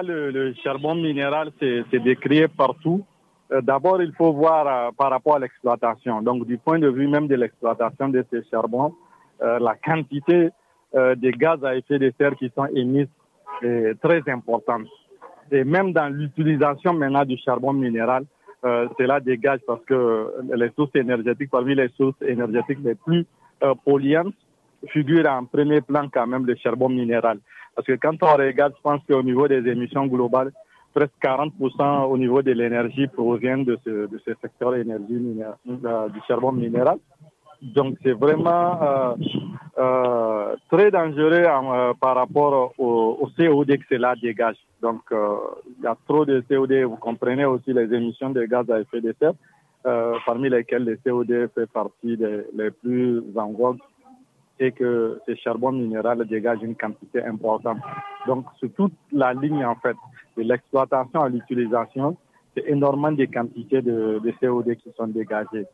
le, charbon minéral, c'est décrié partout. Euh, d'abord, il faut voir euh, par rapport à l'exploitation. Donc, du point de vue même de l'exploitation de ces charbons, euh, la quantité de gaz à effet de serre qui sont émises est très importante. Et même dans l'utilisation maintenant du charbon minéral, cela dégage parce que les sources énergétiques, parmi les sources énergétiques les plus polluantes, figure en premier plan quand même le charbon minéral. Parce que quand on regarde, je pense qu'au niveau des émissions globales, presque 40% au niveau de l'énergie proviennent de ce, secteur énergie l'énergie euh, du charbon minéral. Donc c'est vraiment euh, euh, très dangereux par rapport au, au, CO2 que cela dégage. Donc il y a trop de CO2, vous comprenez aussi les émissions de gaz à effet de serre, parmi lesquelles le CO2 fait partie des les plus gros que ce charbon minéral dégage une quantité importante. Donc, sur toute la ligne, en fait, de l'exploitation à l'utilisation, c'est énormément de quantités de, de, CO2 qui sont dégagées.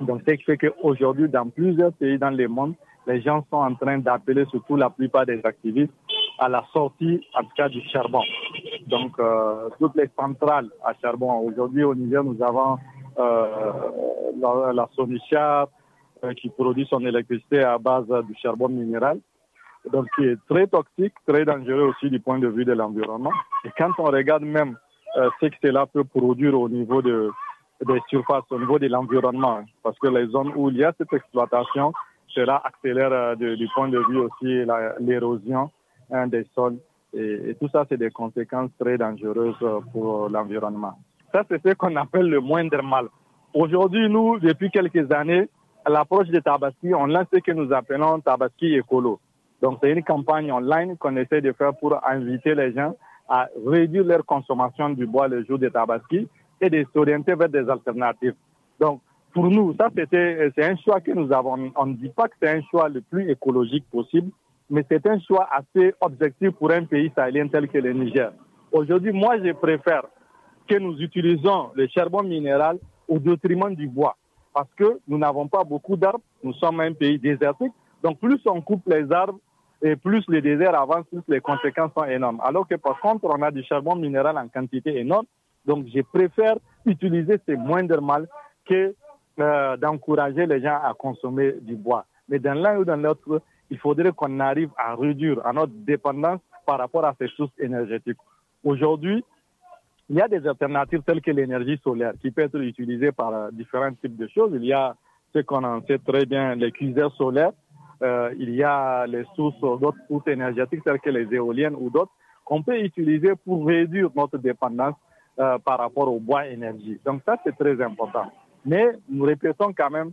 Donc, ce qui fait qu'aujourd'hui, dans plusieurs pays dans le monde, les gens sont en train d'appeler, surtout la plupart des activistes, à la sortie, en tout cas, du charbon. Donc, euh, toutes les centrales à charbon. Aujourd'hui, au Niger, nous avons euh, la, la euh, qui produit son électricité à base du charbon minéral, donc qui est très toxique, très dangereux aussi du point de vue de l'environnement. Et quand on regarde même euh, ce que cela peut produire au niveau de, des surfaces, au niveau de l'environnement, hein, parce que les zones où il y a cette exploitation, cela accélère euh, du point de vue aussi l'érosion hein, des sols. et tout ça, c'est des conséquences très dangereuses pour l'environnement. Ça, c'est ce qu'on appelle le moindre mal. Aujourd'hui, nous, depuis quelques années, l'approche de Tabaski, on lance ce que nous appelons Tabaski écolo. Donc, c'est une campagne online qu'on essaie de faire pour inviter les gens à réduire leur consommation du bois le jour de Tabaski et de s'orienter vers des alternatives. Donc, pour nous, ça, c'est un choix que nous avons. On ne dit pas que c'est un choix le plus écologique possible, mais c'est un choix assez objectif pour un pays sahélien tel que le Niger. Aujourd'hui, moi, je préfère que nous utilisons le charbon minéral au détriment du bois parce que nous n'avons pas beaucoup d'arbres, nous sommes un pays désertique. Donc plus on coupe les arbres et plus le désert avance, plus les conséquences sont énormes. Alors que par contre, on a du charbon minéral en quantité énorme. Donc je préfère utiliser ces moindres mal que euh, d'encourager les gens à consommer du bois. Mais dans l'un ou dans l'autre, il faudrait qu'on arrive à réduire à notre dépendance par rapport à ces sources énergétiques. Aujourd'hui, il y a des alternatives telles que l'énergie solaire qui peut être utilisée par euh, différents types de choses. Il y a ce qu'on en sait très bien, les cuiseurs solaires. Euh, il y a les sources, d'autres sources énergétiques telles que les éoliennes ou d'autres qu'on peut utiliser pour réduire notre dépendance euh, par rapport au bois énergie. Donc ça, c'est très important. Mais nous répétons quand même,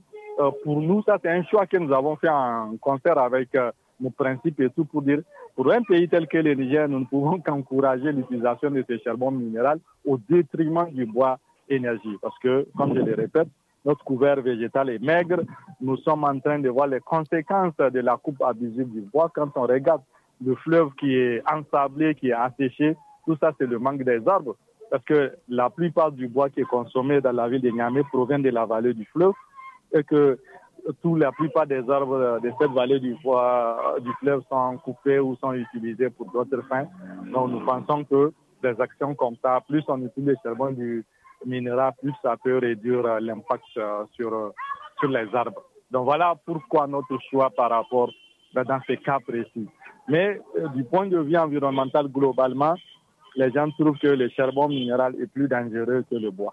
pour nous, ça, c'est un choix que nous avons fait en concert avec mon principe est tout pour dire, pour un pays tel que le Niger, nous ne pouvons qu'encourager l'utilisation de ces charbons minéral au détriment du bois énergie. Parce que, comme je le répète, notre couvert végétal est maigre. Nous sommes en train de voir les conséquences de la coupe abusive du bois. Quand on regarde le fleuve qui est ensablé, qui est asséché, tout ça, c'est le manque des arbres. Parce que la plupart du bois qui est consommé dans la ville de Niamey provient de la vallée du fleuve. Et que la plupart des arbres de cette vallée du, euh, du fleuve sont coupés ou sont utilisés pour d'autres fins. Donc nous pensons que des actions comme ça, plus on utilise le charbon du minéral, plus ça peut réduire euh, l'impact euh, sur, sur les arbres. Donc voilà pourquoi notre choix par rapport ben, dans ces cas précis. Mais du point de vue environnemental globalement, les gens trouvent que le charbon minéral est plus dangereux que le bois.